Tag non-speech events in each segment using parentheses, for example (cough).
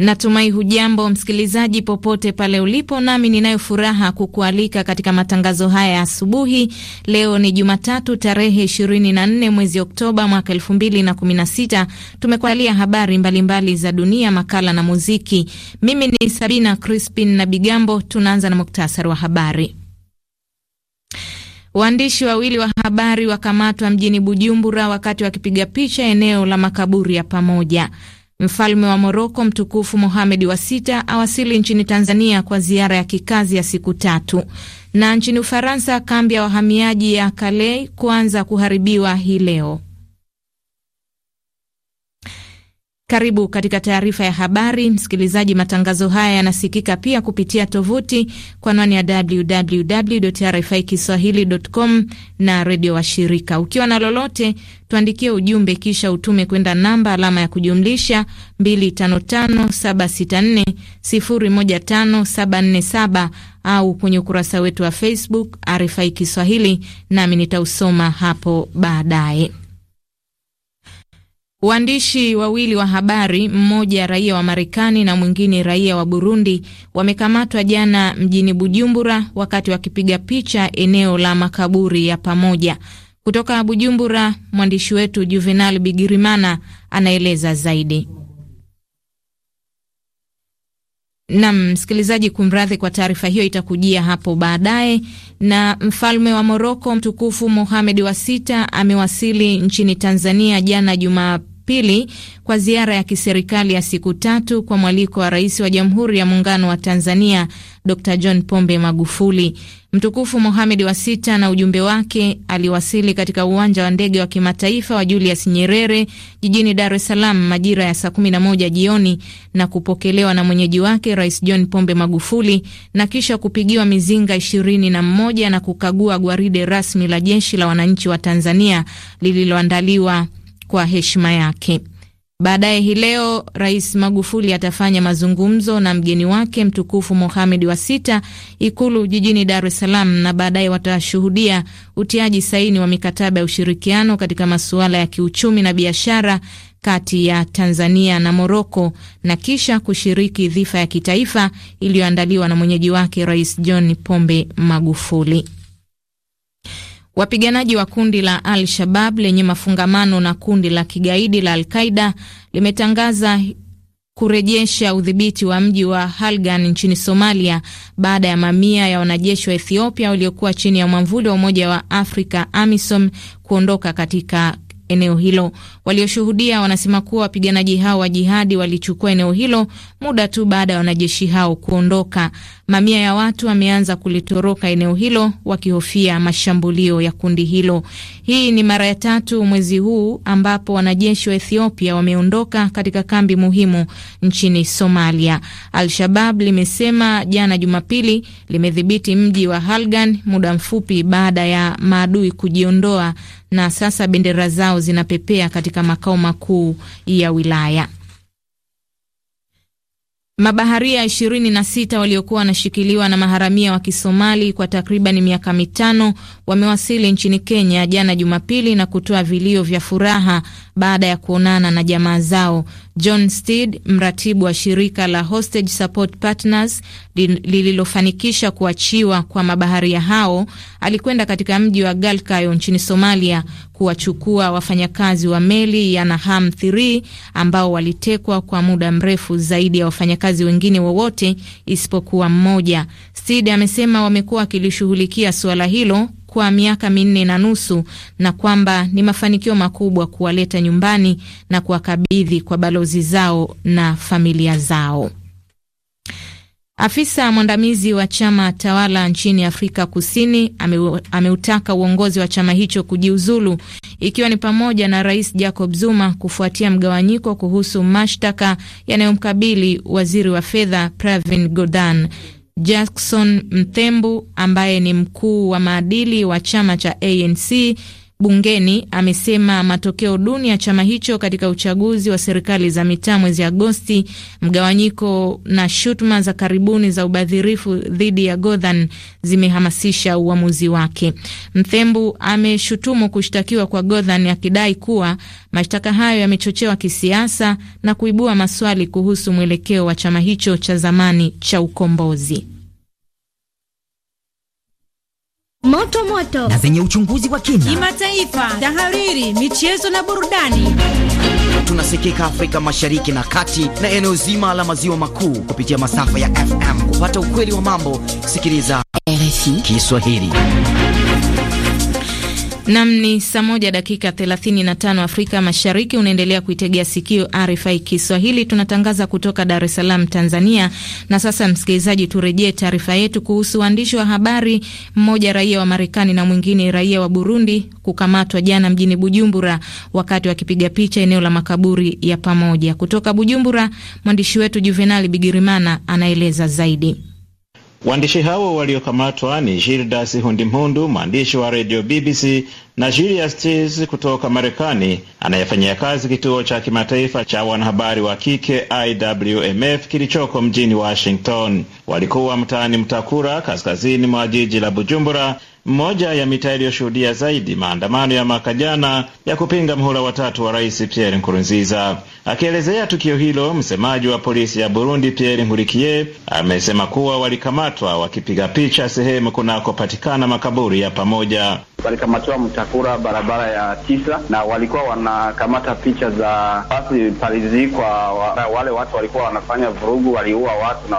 Natumai hujambo msikilizaji, popote pale ulipo, nami ninayo furaha kukualika katika matangazo haya ya asubuhi. Leo ni Jumatatu, tarehe 24 mwezi Oktoba mwaka 2016. Tumekuandalia habari mbalimbali mbali za dunia, makala na muziki. Mimi ni Sabina Crispin na Bigambo. Tunaanza na muktasari wa habari. Waandishi wawili wa habari wakamatwa mjini Bujumbura wakati wakipiga picha eneo la makaburi ya pamoja. Mfalme wa Moroko mtukufu Mohamedi wa sita awasili nchini Tanzania kwa ziara ya kikazi ya siku tatu. Na nchini Ufaransa, kambi ya wahamiaji ya Calais kuanza kuharibiwa hii leo. Karibu katika taarifa ya habari, msikilizaji. Matangazo haya yanasikika pia kupitia tovuti kwa anwani ya www RFI kiswahilicom na redio washirika. Ukiwa na lolote, tuandikie ujumbe kisha utume kwenda namba alama ya kujumlisha 255764015747 au kwenye ukurasa wetu wa Facebook RFI Kiswahili, nami nitausoma hapo baadaye. Waandishi wawili wa habari, mmoja raia wa Marekani na mwingine raia wa Burundi, wamekamatwa jana mjini Bujumbura wakati wakipiga picha eneo la makaburi ya pamoja. Kutoka Bujumbura, mwandishi wetu Juvenal Bigirimana anaeleza zaidi. Nam msikilizaji, kumradhi kwa taarifa hiyo, itakujia hapo baadaye. Na mfalme wa Moroko mtukufu Mohamed wa sita amewasili nchini Tanzania jana Jumapili pili kwa ziara ya kiserikali ya siku tatu kwa mwaliko wa Rais wa Jamhuri ya Muungano wa Tanzania Dr. John Pombe Magufuli. Mtukufu Mohamed wa Sita na ujumbe wake aliwasili katika uwanja wa ndege wa kimataifa wa Julius Nyerere jijini Dar es Salaam majira ya saa 11 jioni na kupokelewa na mwenyeji wake Rais John Pombe Magufuli na kisha kupigiwa mizinga 21 na kukagua gwaride rasmi la Jeshi la Wananchi wa Tanzania lililoandaliwa kwa heshima yake. Baadaye hii leo Rais Magufuli atafanya mazungumzo na mgeni wake mtukufu Mohamed wa sita Ikulu jijini Dar es Salaam, na baadaye watashuhudia utiaji saini wa mikataba ya ushirikiano katika masuala ya kiuchumi na biashara kati ya Tanzania na Moroko na kisha kushiriki dhifa ya kitaifa iliyoandaliwa na mwenyeji wake Rais John Pombe Magufuli. Wapiganaji wa kundi la Al-Shabab lenye mafungamano na kundi la kigaidi la Al-Qaida limetangaza kurejesha udhibiti wa mji wa Halgan nchini Somalia baada ya mamia ya wanajeshi wa Ethiopia waliokuwa chini ya mwamvuli wa Umoja wa Afrika AMISOM kuondoka katika eneo hilo. Walioshuhudia wanasema kuwa wapiganaji hao wa jihadi walichukua eneo hilo muda tu baada ya wanajeshi hao kuondoka. Mamia ya watu wameanza kulitoroka eneo hilo wakihofia mashambulio ya kundi hilo. Hii ni mara ya tatu mwezi huu ambapo wanajeshi wa Ethiopia wameondoka katika kambi muhimu nchini Somalia. Al-Shabab limesema jana Jumapili limedhibiti mji wa Halgan muda mfupi baada ya maadui kujiondoa na sasa bendera zao zinapepea katika makao makuu ya wilaya. Mabaharia ishirini na sita waliokuwa wanashikiliwa na maharamia wa Kisomali kwa takriban miaka mitano wamewasili nchini Kenya jana Jumapili na kutoa vilio vya furaha baada ya kuonana na jamaa zao. John Steed, mratibu wa shirika la Hostage Support Partners lililofanikisha kuachiwa kwa mabaharia hao, alikwenda katika mji wa Galkayo nchini Somalia kuwachukua wafanyakazi wa meli ya Naham 3 ambao walitekwa kwa muda mrefu zaidi ya wafanyakazi wengine wowote isipokuwa mmoja. Steed amesema wamekuwa wakilishughulikia suala hilo kuchukua miaka minne na nusu na kwamba ni mafanikio makubwa kuwaleta nyumbani na kuwakabidhi kwa balozi zao na familia zao. Afisa mwandamizi wa chama tawala nchini Afrika Kusini ame, ameutaka uongozi wa chama hicho kujiuzulu ikiwa ni pamoja na Rais Jacob Zuma kufuatia mgawanyiko kuhusu mashtaka yanayomkabili waziri wa fedha Pravin Gordhan. Jackson Mthembu ambaye ni mkuu wa maadili wa chama cha ANC bungeni amesema matokeo duni ya chama hicho katika uchaguzi wa serikali za mitaa mwezi Agosti, mgawanyiko na shutuma za karibuni za ubadhirifu dhidi ya Godhan zimehamasisha uamuzi wake. Mthembu ameshutumu kushtakiwa kwa Godhan akidai kuwa mashtaka hayo yamechochewa kisiasa na kuibua maswali kuhusu mwelekeo wa chama hicho cha zamani cha ukombozi. moto moto na zenye uchunguzi wa kina, kimataifa, tahariri, michezo na burudani. Tunasikika Afrika Mashariki na Kati na eneo zima la maziwa makuu kupitia masafa ya FM. Kupata ukweli wa mambo, sikiliza RFI Kiswahili. Nam ni saa moja dakika 35 Afrika Mashariki. Unaendelea kuitegea sikio RFI Kiswahili, tunatangaza kutoka Dar es Salaam, Tanzania. Na sasa, msikilizaji, turejee taarifa yetu kuhusu waandishi wa habari, mmoja raia wa Marekani na mwingine raia wa Burundi kukamatwa jana mjini Bujumbura wakati wakipiga picha eneo la makaburi ya pamoja. Kutoka Bujumbura, mwandishi wetu Juvenali Bigirimana anaeleza zaidi. Waandishi hao waliokamatwa ni Gildas Hundimhundu, mwandishi wa redio BBC na Julius Tis kutoka Marekani anayefanyia kazi kituo cha kimataifa cha wanahabari wa kike IWMF kilichoko mjini Washington. Walikuwa mtaani Mtakura, kaskazini mwa jiji la Bujumbura moja ya mitaa iliyoshuhudia zaidi maandamano ya mwaka jana ya kupinga mhula watatu wa rais Pierre Nkurunziza. Akielezea tukio hilo, msemaji wa polisi ya Burundi Pierre Nkurikiye amesema kuwa walikamatwa wakipiga picha sehemu kunakopatikana makaburi ya pamoja walikamatiwa Mtakura, barabara ya tisa, na walikuwa wanakamata picha za basi palizi kwa wale watu walikuwa wanafanya vurugu, waliua watu na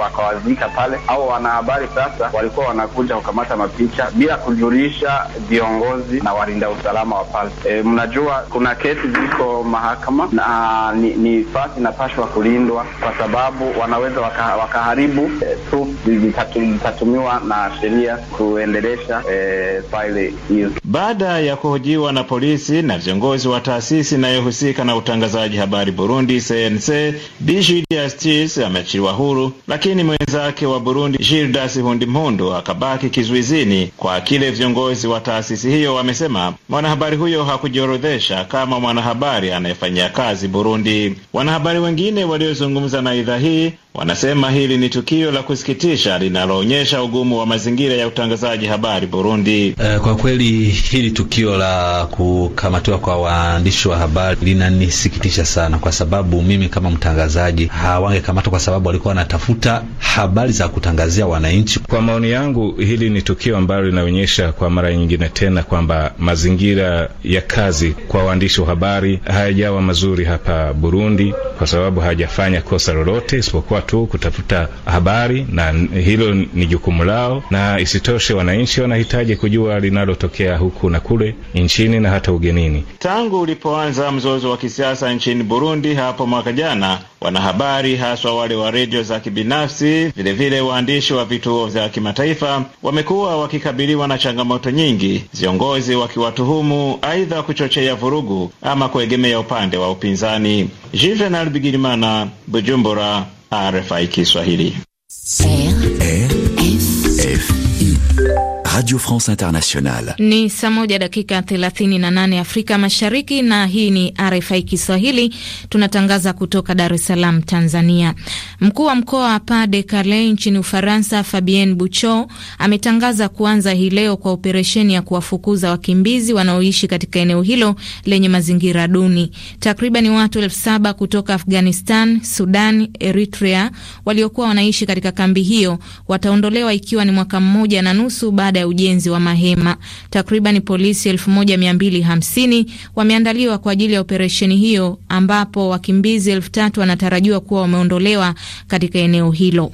wakawazika waka pale. Au wanahabari sasa walikuwa wanakuja kukamata mapicha bila kujulisha viongozi na walinda usalama wa pale. E, mnajua kuna kesi ziko mahakama na ni, ni fasi inapashwa kulindwa kwa sababu wanaweza waka, wakaharibu e, tu vitatumiwa na sheria kuendelesha e, faili habari hiyo. Baada ya kuhojiwa na polisi na viongozi wa taasisi inayohusika na utangazaji habari Burundi CNC, Bgds ameachiliwa huru, lakini mwenzake wa Burundi Gildas Hundimpundu akabaki kizuizini kwa kile viongozi wa taasisi hiyo wamesema mwanahabari huyo hakujiorodhesha kama mwanahabari anayefanyia kazi Burundi. Wanahabari wengine waliozungumza na idhaa hii wanasema hili ni tukio la kusikitisha linaloonyesha ugumu wa mazingira ya utangazaji habari Burundi. Uh, kwa kweli hili tukio la kukamatiwa kwa waandishi wa habari linanisikitisha sana, kwa sababu mimi kama mtangazaji hawangekamatwa, kwa sababu walikuwa wanatafuta habari za kutangazia wananchi. Kwa maoni yangu, hili ni tukio ambalo linaonyesha kwa mara nyingine tena kwamba mazingira ya kazi kwa waandishi wa habari hayajawa mazuri hapa Burundi, kwa sababu hawajafanya kosa lolote isipokuwa tu kutafuta habari, na hilo ni jukumu lao, na isitoshe wananchi wanahitaji kujua linalotokea huku na kule nchini na hata ugenini. Tangu ulipoanza mzozo wa kisiasa nchini Burundi hapo mwaka jana, wanahabari haswa wale wa redio za kibinafsi, vilevile waandishi wa vituo vya kimataifa wamekuwa wakikabiliwa na changamoto nyingi, viongozi wakiwatuhumu aidha kuchochea vurugu ama kuegemea upande wa upinzani. Juvenal Bigirimana, Bujumbura, RFI Kiswahili. Radio France Internationale. Ni saa moja dakika 38 Afrika Mashariki, na hii ni RFI Kiswahili. Tunatangaza kutoka Dar es Salaam, Tanzania. Mkuu wa mkoa wa Pas de Calais nchini Ufaransa, Fabien Bucho, ametangaza kuanza hii leo kwa operesheni ya kuwafukuza wakimbizi wanaoishi katika eneo hilo lenye mazingira duni. Takriban watu elfu saba kutoka Afghanistan, Sudan, Eritrea waliokuwa wanaishi katika kambi hiyo wataondolewa ikiwa ni mwaka mmoja na nusu baada ya ujenzi wa mahema. Takriban polisi 1250 wameandaliwa kwa ajili ya operesheni hiyo ambapo wakimbizi elfu tatu wanatarajiwa kuwa wameondolewa katika eneo hilo.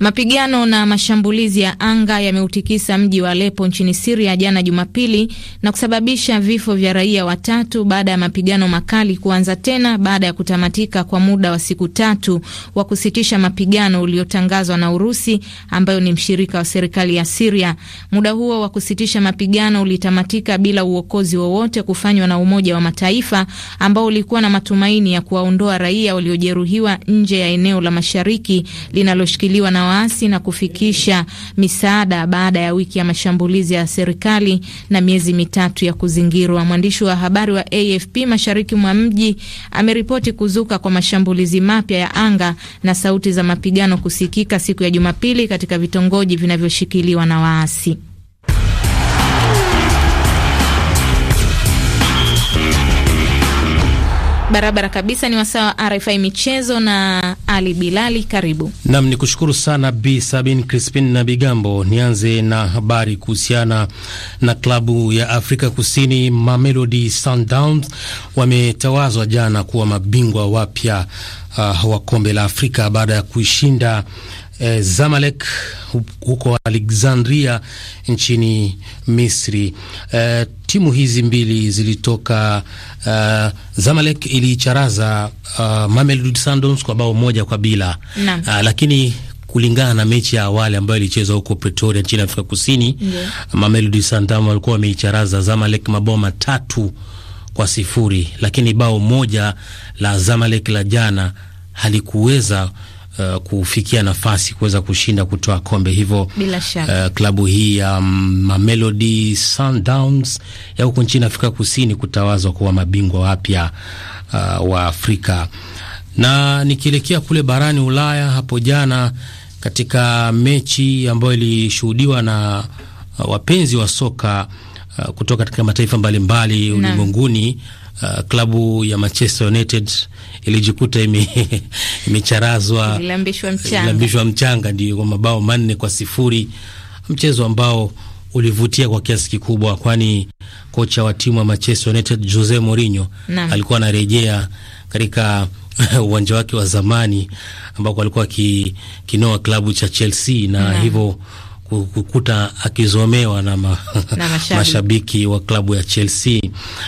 Mapigano na mashambulizi ya anga yameutikisa mji wa Alepo nchini Siria jana Jumapili na kusababisha vifo vya raia watatu baada ya mapigano makali kuanza tena baada ya kutamatika kwa muda wa siku tatu wa kusitisha mapigano uliotangazwa na Urusi ambayo ni mshirika wa serikali ya Siria. Muda huo wa kusitisha mapigano ulitamatika bila uokozi wowote kufanywa na Umoja wa Mataifa ambao ulikuwa na matumaini ya kuwaondoa raia waliojeruhiwa nje ya eneo la mashariki linaloshikiliwa na waasi na kufikisha misaada baada ya wiki ya mashambulizi ya serikali na miezi mitatu ya kuzingirwa. Mwandishi wa habari wa AFP mashariki mwa mji ameripoti kuzuka kwa mashambulizi mapya ya anga na sauti za mapigano kusikika siku ya Jumapili katika vitongoji vinavyoshikiliwa na waasi. Barabara kabisa, ni wasawa RFI michezo na Ali Bilali, karibu nam. Ni kushukuru sana B Sabin Crispin na Bigambo. Nianze na habari kuhusiana na klabu ya Afrika Kusini Mamelodi Sundowns, wametawazwa jana kuwa mabingwa wapya uh, wa kombe la Afrika baada ya kuishinda eh, Zamalek huko Alexandria nchini Misri. Eh, timu hizi mbili zilitoka uh, Zamalek iliicharaza uh, Mamelodi Sundowns kwa bao moja kwa bila uh, lakini kulingana na mechi ya awali ambayo ilichezwa huko Pretoria nchini Afrika Kusini yeah. Mamelodi Sundowns walikuwa wameicharaza Zamalek mabao matatu kwa sifuri, lakini bao moja la Zamalek la jana halikuweza Uh, kufikia nafasi kuweza kushinda kutoa kombe hivyo. Bila shaka uh, klabu hii ya um, Mamelodi Sundowns ya huko nchini Afrika Kusini kutawazwa kuwa mabingwa wapya uh, wa Afrika. Na nikielekea kule barani Ulaya, hapo jana katika mechi ambayo ilishuhudiwa na uh, wapenzi wa soka uh, kutoka katika mataifa mbalimbali ulimwenguni uh, klabu ya Manchester United ilijikuta (laughs) imecharazwa ilambishwa mchanga, ndio kwa mabao manne kwa sifuri, mchezo ambao ulivutia kwa kiasi kikubwa, kwani kocha wa timu ya Manchester United Jose Mourinho alikuwa anarejea katika (laughs) uwanja wake wa zamani ambako alikuwa kinoa klabu cha Chelsea na hivyo kukuta akizomewa na, ma, na (laughs) mashabiki. mashabiki wa klabu ya Chelsea.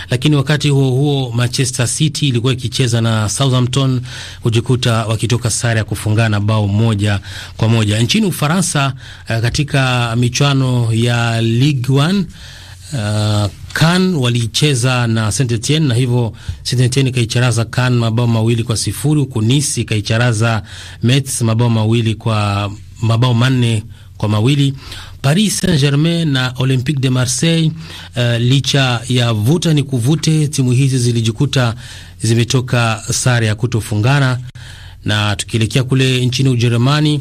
Lakini wakati huo huo Manchester City ilikuwa ikicheza na Southampton, kujikuta wakitoka sare ya kufungana bao moja kwa moja. Nchini Ufaransa eh, katika michuano ya Ligue 1 uh, Kan walicheza na Saint Etienne na hivyo Saint Etienne ikaicharaza Kan mabao mawili kwa sifuri huku Nisi ikaicharaza Metz mabao mawili kwa mabao manne kwa mawili. Paris Saint-Germain na Olympique de Marseille, uh, licha ya vuta ni kuvute, timu hizi zilijikuta zimetoka sare ya kutofungana. Na tukielekea kule nchini Ujerumani,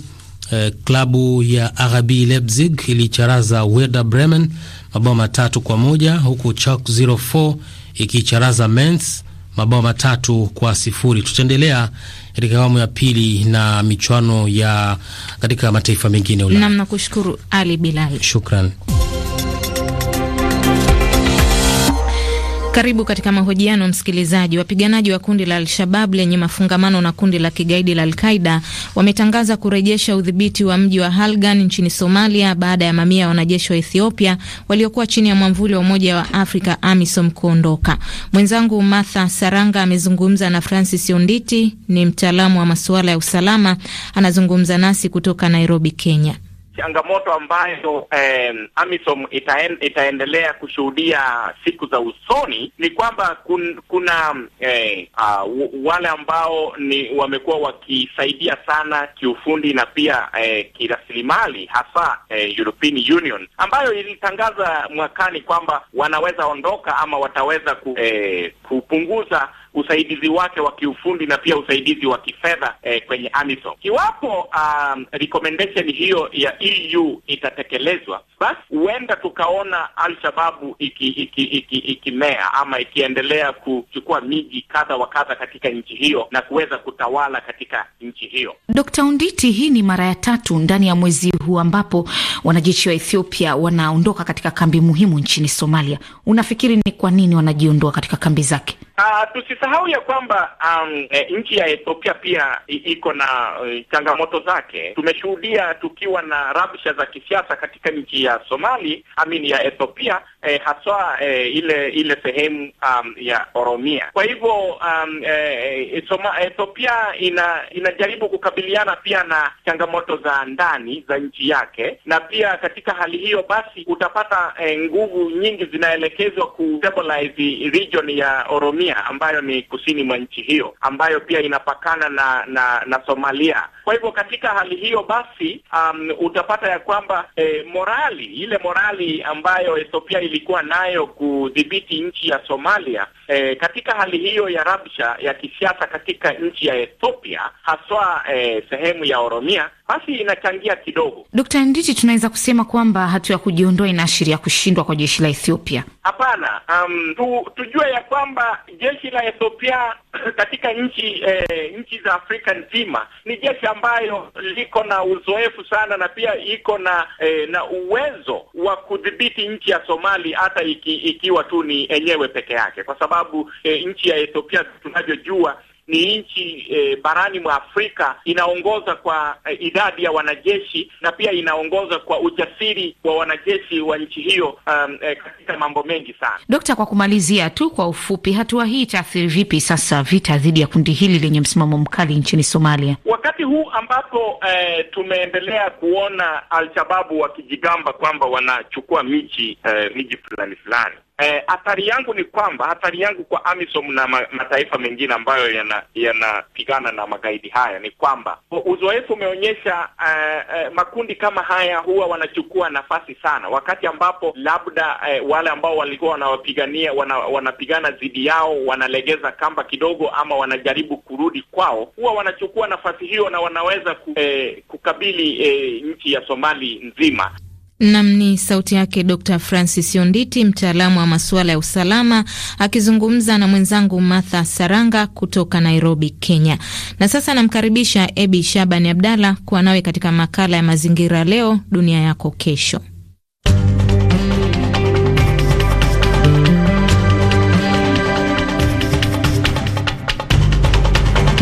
uh, klabu ya RB Leipzig ilicharaza Werder Bremen mabao matatu kwa moja huku Schalke 04 ikicharaza Mainz mabao matatu kwa sifuri. Tutaendelea katika awamu ya pili na michuano ya katika mataifa mengine Ulaya. Namna kushukuru Ali Bilal. Shukran. Karibu katika mahojiano msikilizaji. Wapiganaji wa kundi la Al-Shabab lenye mafungamano na kundi la kigaidi la Al-Qaida wametangaza kurejesha udhibiti wa mji wa Halgan nchini Somalia baada ya mamia ya wanajeshi wa Ethiopia waliokuwa chini ya mwamvuli wa Umoja wa Afrika AMISOM kuondoka. Mwenzangu Martha Saranga amezungumza na Francis Onditi, ni mtaalamu wa masuala ya usalama, anazungumza nasi kutoka Nairobi, Kenya changamoto ambayo eh, AMISOM itaen, itaendelea kushuhudia siku za usoni ni kwamba kun, kuna eh, uh, wale ambao ni wamekuwa wakisaidia sana kiufundi na pia eh, kirasilimali hasa eh, European Union ambayo ilitangaza mwakani kwamba wanaweza ondoka ama wataweza ku, eh, kupunguza usaidizi wake wa kiufundi na pia usaidizi wa kifedha eh, kwenye AMISOM. Kiwapo um, recommendation hiyo ya EU itatekelezwa, basi huenda tukaona alshababu ikimea iki, iki, iki ama ikiendelea kuchukua miji kadha wa kadha katika nchi hiyo na kuweza kutawala katika nchi hiyo. Dkt. Unditi, hii ni mara ya tatu ndani ya mwezi huu ambapo wanajeshi wa Ethiopia wanaondoka katika kambi muhimu nchini Somalia. Unafikiri ni kwa nini wanajiondoa katika kambi zake? Uh, tusisahau ya kwamba um, e, nchi ya Ethiopia pia iko na e, changamoto zake. Tumeshuhudia tukiwa na rabsha za kisiasa katika nchi ya Somali, amini ya Ethiopia, eh, haswa eh, ile ile sehemu um, ya Oromia. Kwa hivyo um, eh, eh Ethiopia ina inajaribu kukabiliana pia na changamoto za ndani za nchi yake, na pia katika hali hiyo basi utapata eh, nguvu nyingi zinaelekezwa ku stabilize region ya Oromia ambayo ni kusini mwa nchi hiyo ambayo pia inapakana na, na na Somalia. Kwa hivyo katika hali hiyo basi um, utapata ya kwamba eh, morali ile morali ambayo Ethiopia ilikuwa nayo kudhibiti nchi ya Somalia. E, katika hali hiyo ya rabsha ya kisiasa katika nchi ya Ethiopia haswa e, sehemu ya Oromia basi inachangia kidogo. Dkt. Nditi, tunaweza kusema kwamba hatua ya kujiondoa inaashiria kushindwa kwa jeshi la Ethiopia? Hapana. Um, tu, tujue ya kwamba jeshi la Ethiopia (clears throat) katika nchi eh, nchi za Afrika nzima ni jeshi ambayo liko na uzoefu sana na pia iko na eh, na uwezo wa kudhibiti nchi ya Somali hata iki, ikiwa tu ni enyewe peke yake, kwa sababu eh, nchi ya Ethiopia tunavyojua ni nchi e, barani mwa Afrika inaongoza kwa e, idadi ya wanajeshi na pia inaongoza kwa ujasiri wa wanajeshi wa nchi hiyo um, e, katika mambo mengi sana. Dokta, kwa kumalizia tu kwa ufupi, hatua hii itaathiri vipi sasa vita dhidi ya kundi hili lenye msimamo mkali nchini Somalia wakati huu ambapo e, tumeendelea kuona Alshababu wakijigamba kwamba wanachukua miji e, miji fulani fulani eh, hatari yangu ni kwamba hatari yangu kwa AMISOM na ma, mataifa mengine ambayo yanapigana yana na magaidi haya ni kwamba uzoefu umeonyesha eh, eh, makundi kama haya huwa wanachukua nafasi sana, wakati ambapo labda eh, wale ambao walikuwa wanawapigania wana, wanapigana dhidi yao wanalegeza kamba kidogo ama wanajaribu kurudi kwao, huwa wanachukua nafasi hiyo na wanaweza ku, eh, kukabili eh, nchi ya Somali nzima. Nam ni sauti yake Dr Francis yonditi mtaalamu wa masuala ya usalama akizungumza na mwenzangu Martha Saranga kutoka Nairobi, Kenya. Na sasa namkaribisha Ebi Shabani Abdalla kuwa nawe katika makala ya mazingira, leo dunia yako kesho.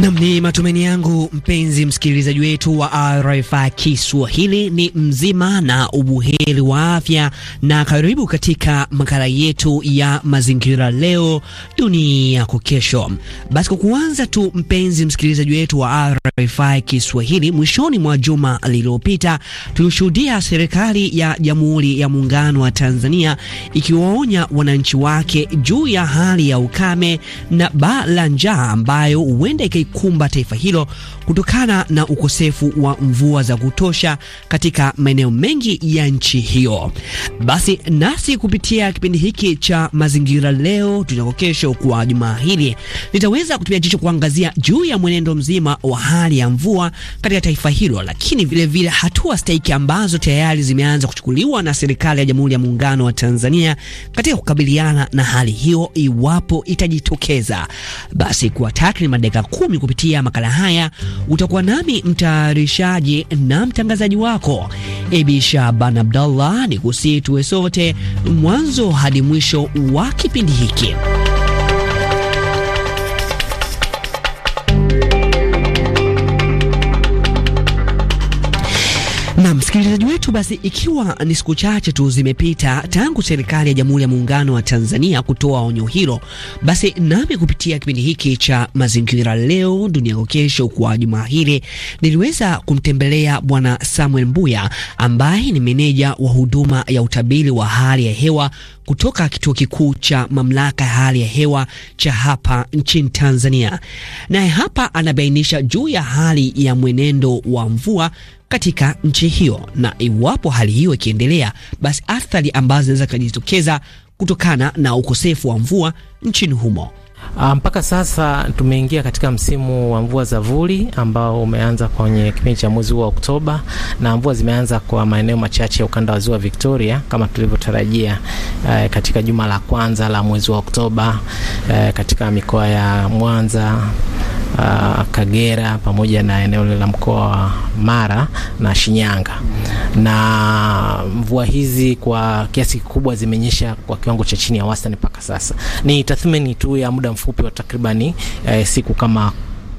Nam, ni matumaini yangu mpenzi msikilizaji wetu wa RFI Kiswahili ni mzima na ubuheri wa afya, na karibu katika makala yetu ya mazingira leo dunia yako kesho. Basi kwa kuanza tu, mpenzi msikilizaji wetu wa RFI Kiswahili, mwishoni mwa juma lililopita tulishuhudia serikali ya Jamhuri ya Muungano wa Tanzania ikiwaonya wananchi wake juu ya hali ya ukame na baa la njaa ambayo huenda linalokumba taifa hilo kutokana na ukosefu wa mvua za kutosha katika maeneo mengi ya nchi hiyo. Basi nasi kupitia kipindi hiki cha mazingira leo tunako kesho kwa jumaa hili nitaweza kutumia jicho kuangazia juu ya mwenendo mzima wa hali ya mvua katika taifa hilo, lakini vilevile vile hatua stahiki ambazo tayari zimeanza kuchukuliwa na serikali ya Jamhuri ya Muungano wa Tanzania katika kukabiliana na hali hiyo iwapo itajitokeza. Basi kwa takriban dakika kumi kupitia makala haya utakuwa nami mtayarishaji na mtangazaji wako Ebisha Ban Abdallah. Ni kusihi tuwe sote mwanzo hadi mwisho wa kipindi hiki. Na msikilizaji wetu, basi ikiwa ni siku chache tu zimepita tangu serikali ya Jamhuri ya Muungano wa Tanzania kutoa onyo hilo, basi nami kupitia kipindi hiki cha Mazingira Leo Dunia Yako Kesho kwa juma hili niliweza kumtembelea Bwana Samuel Mbuya ambaye ni meneja wa huduma ya utabiri wa hali ya hewa kutoka kituo kikuu cha mamlaka ya hali ya hewa cha hapa nchini Tanzania. Naye hapa anabainisha juu ya hali ya mwenendo wa mvua katika nchi hiyo, na iwapo hali hiyo ikiendelea, basi athari ambazo zinaweza kujitokeza kutokana na ukosefu wa mvua nchini humo. Ah, mpaka sasa tumeingia katika msimu wa mvua za vuli ambao umeanza kwenye kipindi cha mwezi huu wa Oktoba, na mvua zimeanza kwa maeneo machache ya ukanda wa ziwa Victoria kama tulivyotarajia e, katika juma la kwanza la mwezi wa Oktoba e, katika mikoa ya Mwanza Uh, Kagera pamoja na eneo la mkoa wa Mara na Shinyanga. Na mvua hizi kwa kiasi kikubwa zimenyesha kwa kiwango cha chini ya wastani mpaka sasa. Ni tathmini tu ya muda mfupi wa takribani eh, siku kama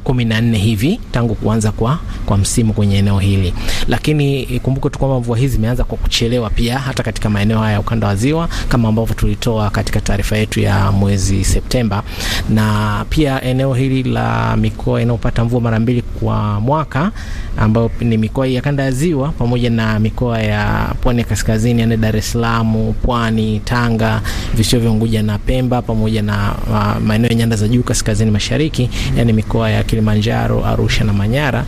kumi na nne hivi tangu kuanza kwa, kwa msimu kwenye eneo hili, lakini kumbuke tu kwamba mvua hizi zimeanza kwa kuchelewa pia hata katika maeneo haya ya ukanda wa ziwa kama ambavyo tulitoa katika taarifa yetu ya mwezi Septemba, na pia eneo hili la mikoa inayopata mvua mara mbili kwa mwaka ambayo ni mikoa ya kanda ya Ziwa pamoja na mikoa ya pwani ya kaskazini, yani Dar es Salaam, Pwani, Tanga, visiwa vya Unguja na Pemba, pamoja na uh, maeneo ya nyanda za juu kaskazini mashariki, yani mikoa ya Kilimanjaro, Arusha na Manyara,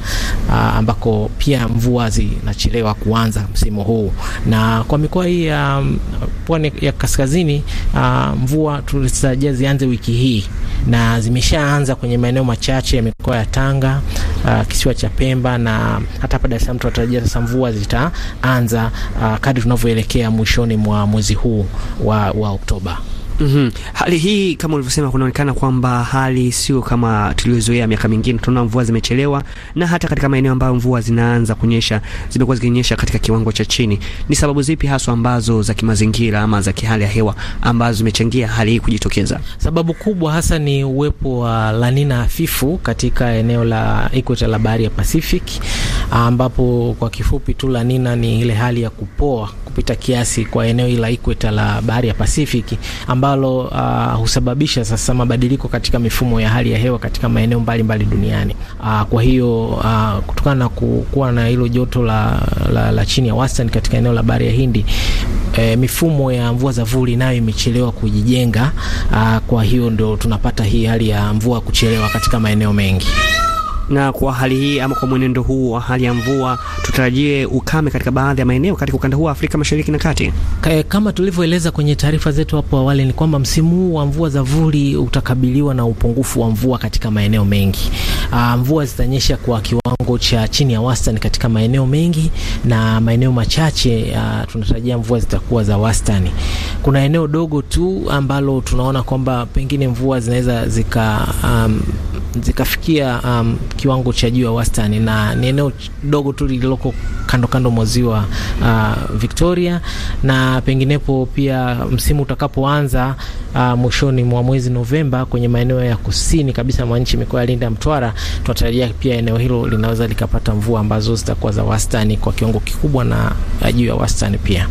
uh, ambako pia mvua zinachelewa kuanza msimu huu. Na kwa mikoa hii ya um, pwani ya kaskazini uh, mvua tulitarajia zianze wiki hii na zimeshaanza kwenye maeneo machache ya mikoa ya Tanga uh, kisiwa cha Pemba na hata hapa Dar es Salaam tunatarajia sasa mvua zitaanza uh, kadri tunavyoelekea mwishoni mwa mwezi huu wa, wa Oktoba. Mm -hmm. Hali hii kama ulivyosema, kunaonekana kwamba hali sio kama tuliozoea miaka mingine. Tunaona mvua zimechelewa na hata katika maeneo ambayo mvua zinaanza kunyesha zimekuwa zikinyesha katika kiwango cha chini. Ni sababu zipi haswa ambazo za kimazingira ama za kihali ya hewa ambazo zimechangia hali hii kujitokeza? Sababu kubwa hasa ni uwepo wa lanina hafifu katika eneo la ikweta la bahari ya Pacific, ambapo kwa kifupi tu lanina ni ile hali ya kupoa kupita kiasi kwa eneo la ikweta la bahari ya Pasifiki ambalo uh, husababisha sasa mabadiliko katika mifumo ya hali ya hewa katika maeneo mbalimbali duniani. Uh, kwa hiyo uh, kutokana na kuwa na hilo joto la, la, la chini ya wastani katika eneo la bahari ya Hindi E, mifumo ya mvua za vuli nayo imechelewa kujijenga. Uh, kwa hiyo ndo tunapata hii hali ya mvua kuchelewa katika maeneo mengi. Na kwa hali hii ama kwa mwenendo huu wa hali ya mvua, tutarajie ukame katika baadhi ya maeneo katika ukanda huu wa Afrika Mashariki na Kati. Eh, kama tulivyoeleza kwenye taarifa zetu hapo awali, ni kwamba msimu huu wa mvua za vuli utakabiliwa na upungufu wa mvua katika maeneo mengi. Aa, ah, mvua zitanyesha kwa kiwango cha chini ya wastani katika maeneo mengi na maeneo machache uh, tunatarajia mvua zitakuwa za wastani. Kuna eneo dogo tu ambalo tunaona kwamba pengine mvua zinaweza zika um, zikafikia um, kiwango cha juu ya wastani, na ni eneo dogo tu lililoko kando kando mwa ziwa uh, Victoria, na penginepo pia msimu utakapoanza uh, mwishoni mwa mwezi Novemba kwenye maeneo ya kusini kabisa mwa nchi, mikoa ya Linda, Mtwara, tunatarajia pia eneo hilo linaweza likapata mvua ambazo zitakuwa za wastani kwa kiwango kikubwa na uh, juu ya wastani pia.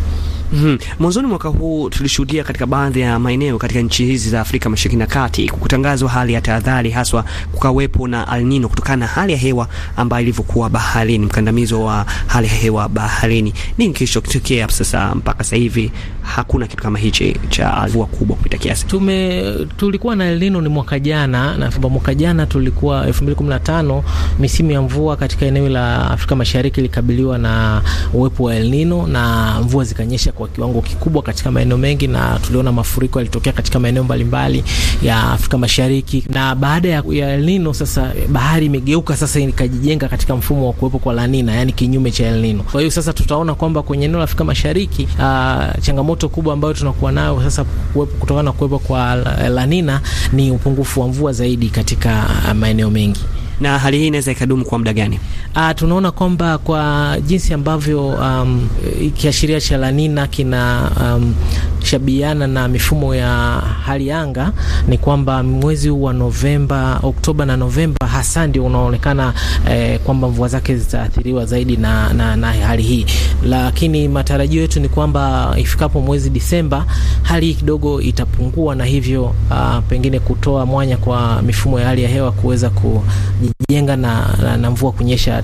Mm -hmm. Mwanzoni mwaka huu tulishuhudia katika baadhi ya maeneo katika nchi hizi za Afrika Mashariki na Kati kutangazwa hali ya tahadhari, haswa kukawepo na El Nino kutokana na hali ya hewa ambayo ilivyokuwa baharini, mkandamizo wa hali ya hewa baharini. Nini kilichotokea sasa mpaka sasa hivi? Hakuna kitu kama hichi cha mvua kubwa kupita kiasi. Tume tulikuwa na El Nino ni mwaka jana, na kwa mwaka jana tulikuwa 2015 misimu ya mvua katika eneo la Afrika Mashariki ilikabiliwa na uwepo wa El Nino na mvua zikanyesha kwa kiwango kikubwa katika maeneo mengi, na tuliona mafuriko yalitokea katika maeneo mbalimbali ya Afrika Mashariki. Na baada ya, ya El Nino sasa bahari imegeuka sasa ikajijenga katika mfumo wa kuwepo kwa La Nina, yani kinyume cha El Nino. Kwa hiyo sasa tutaona kwamba kwenye eneo la Afrika Mashariki uh, changamoto kubwa ambayo tunakuwa nayo sasa kutokana na kuwepo kwa La Nina ni upungufu wa mvua zaidi katika maeneo mengi na hali hii inaweza ikadumu kwa muda gani? Ah, tunaona kwamba kwa jinsi ambavyo um, kiashiria cha La Nina kina um, shabiana na mifumo ya hali anga ni kwamba mwezi huu wa Novemba, Oktoba na Novemba hasa ndio unaonekana eh, kwamba mvua zake zitaathiriwa zaidi na, na, na hali hii, lakini matarajio yetu ni kwamba ifikapo mwezi Disemba hali hii kidogo itapungua na hivyo uh, pengine kutoa mwanya kwa mifumo ya hali ya hewa kuweza ku jenga na, na, na mvua kunyesha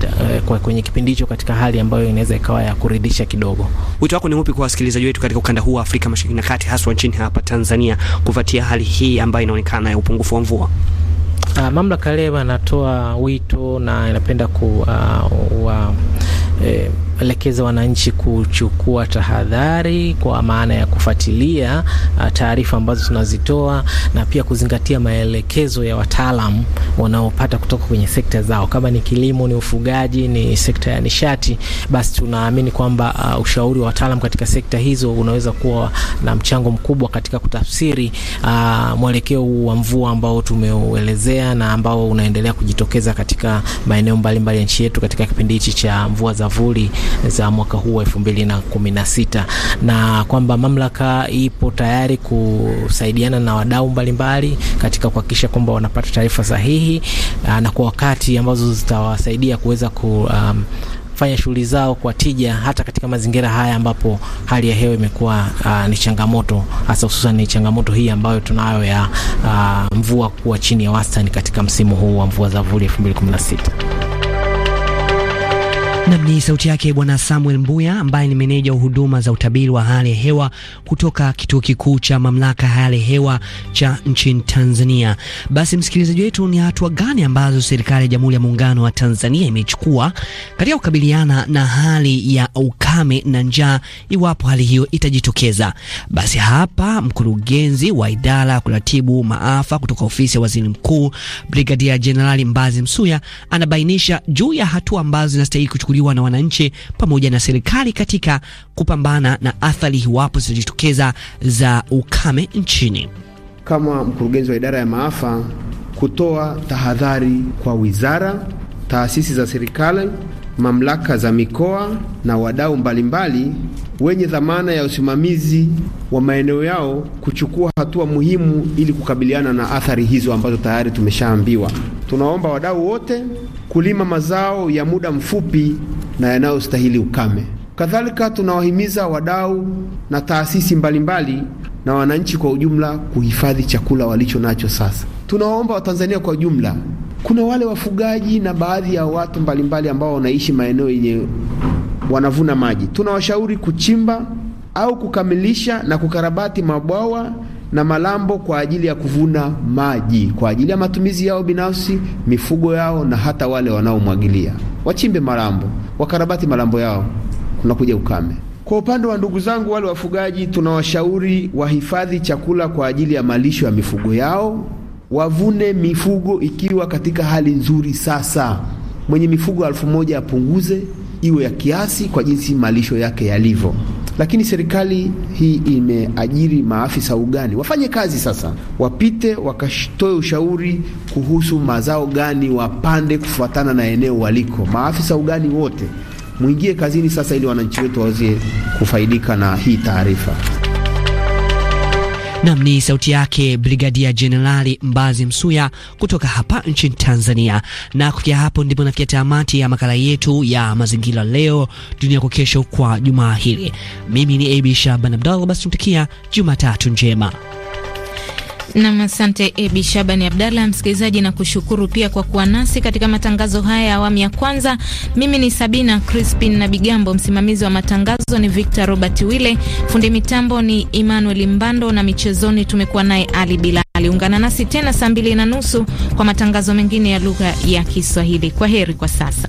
uh, kwenye kipindi hicho katika hali ambayo inaweza ikawa ya kuridhisha kidogo. Wito wako ni upi kwa wasikilizaji wetu katika ukanda huu wa Afrika Mashariki na Kati, haswa nchini hapa Tanzania, kufuatia hali hii ambayo inaonekana ya upungufu wa mvua? Uh, mamlaka leo anatoa wito na inapenda ku uh, uh, uh, kuelekeza wananchi kuchukua tahadhari kwa maana ya kufuatilia uh, taarifa ambazo tunazitoa na pia kuzingatia maelekezo ya wataalam wanaopata kutoka kwenye sekta zao, kama ni kilimo, ni ufugaji, ni sekta ya nishati, basi tunaamini kwamba uh, ushauri wa wataalam katika sekta hizo unaweza kuwa na mchango mkubwa katika kutafsiri uh, mwelekeo wa mvua ambao tumeuelezea na ambao unaendelea kujitokeza katika maeneo mbalimbali ya nchi yetu katika kipindi hichi cha mvua za vuli za mwaka huu wa 2016 na kwamba mamlaka ipo tayari kusaidiana na wadau mbalimbali katika kuhakikisha kwamba wanapata taarifa sahihi ah, na kwa wakati ambazo zitawasaidia kuweza ku um, fanya shughuli zao kwa tija hata katika mazingira haya ambapo hali ya hewa imekuwa uh, ni changamoto hasa hususan ni changamoto hii ambayo tunayo ya uh, mvua kuwa chini ya wastani katika msimu huu wa mvua za vuli 2016. Nam ni sauti yake Bwana Samuel Mbuya ambaye ni meneja wa huduma za utabiri wa hali ya hewa kutoka kituo kikuu cha mamlaka ya hali ya hewa cha nchini Tanzania. Basi msikilizaji wetu, ni hatua gani ambazo serikali ya Jamhuri ya Muungano wa Tanzania imechukua katika kukabiliana na hali ya ukame na njaa iwapo hali hiyo itajitokeza? Basi hapa mkurugenzi wa idara ya kuratibu maafa kutoka ofisi ya waziri mkuu Brigadia Jenerali Mbazi Msuya anabainisha juu ya hatua ambazo zinastahili kuchukuliwa kuchukuliwa na wananchi pamoja na serikali katika kupambana na athari iwapo zitajitokeza za ukame nchini. Kama mkurugenzi wa idara ya maafa, kutoa tahadhari kwa wizara, taasisi za serikali mamlaka za mikoa na wadau mbalimbali wenye dhamana ya usimamizi wa maeneo yao kuchukua hatua muhimu ili kukabiliana na athari hizo ambazo tayari tumeshaambiwa. Tunaomba wadau wote kulima mazao ya muda mfupi na yanayostahili ukame. Kadhalika, tunawahimiza wadau na taasisi mbalimbali mbali na wananchi kwa ujumla kuhifadhi chakula walicho nacho sasa. Tunawaomba Watanzania kwa ujumla kuna wale wafugaji na baadhi ya watu mbalimbali ambao wanaishi maeneo yenye wanavuna maji, tunawashauri kuchimba au kukamilisha na kukarabati mabwawa na malambo kwa ajili ya kuvuna maji kwa ajili ya matumizi yao binafsi, mifugo yao, na hata wale wanaomwagilia. Wachimbe malambo, wakarabati malambo yao, kunakuja ukame. Kwa upande wa ndugu zangu wale wafugaji, tunawashauri wahifadhi chakula kwa ajili ya malisho ya mifugo yao wavune mifugo ikiwa katika hali nzuri. Sasa mwenye mifugo elfu moja apunguze iwe ya kiasi kwa jinsi malisho yake yalivyo. Lakini serikali hii imeajiri maafisa ugani, wafanye kazi sasa, wapite wakatoe ushauri kuhusu mazao gani wapande kufuatana na eneo waliko. Maafisa ugani wote mwingie kazini sasa, ili wananchi wetu waweze kufaidika na hii taarifa. Nam ni sauti yake Brigadia Jenerali Mbazi Msuya kutoka hapa nchini Tanzania. Na kufikia hapo ndipo nafikia tamati ya makala yetu ya mazingira leo dunia kwa kesho kwa jumaa hili. Mimi ni Abi Shaban Abdallah, basi tumtikia Jumatatu njema. Nam, asante Ebi Shabani abdallah Msikilizaji na kushukuru pia kwa kuwa nasi katika matangazo haya ya awamu ya kwanza. Mimi ni Sabina Crispin na Bigambo, msimamizi wa matangazo ni Victor Robert Wille, fundi mitambo ni Emmanuel Mbando na michezoni tumekuwa naye Ali Bilali. Ungana nasi tena saa mbili na nusu kwa matangazo mengine ya lugha ya Kiswahili. Kwa heri kwa sasa.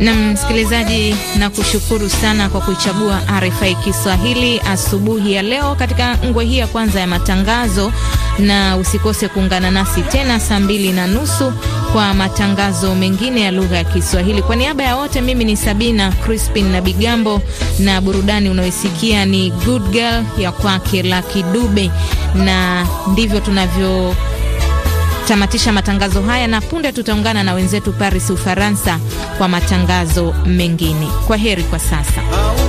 Na msikilizaji, na kushukuru sana kwa kuchagua RFI Kiswahili asubuhi ya leo katika ngwe hii ya kwanza ya matangazo, na usikose kuungana nasi tena saa mbili na nusu kwa matangazo mengine ya lugha ya Kiswahili. Kwa niaba ya wote, mimi ni Sabina Crispin na Bigambo, na burudani unayoisikia ni Good Girl ya kwake Lucky Dube, na ndivyo tunavyo tamatisha matangazo haya na punde tutaungana na wenzetu Paris, Ufaransa, kwa matangazo mengine. Kwa heri kwa sasa.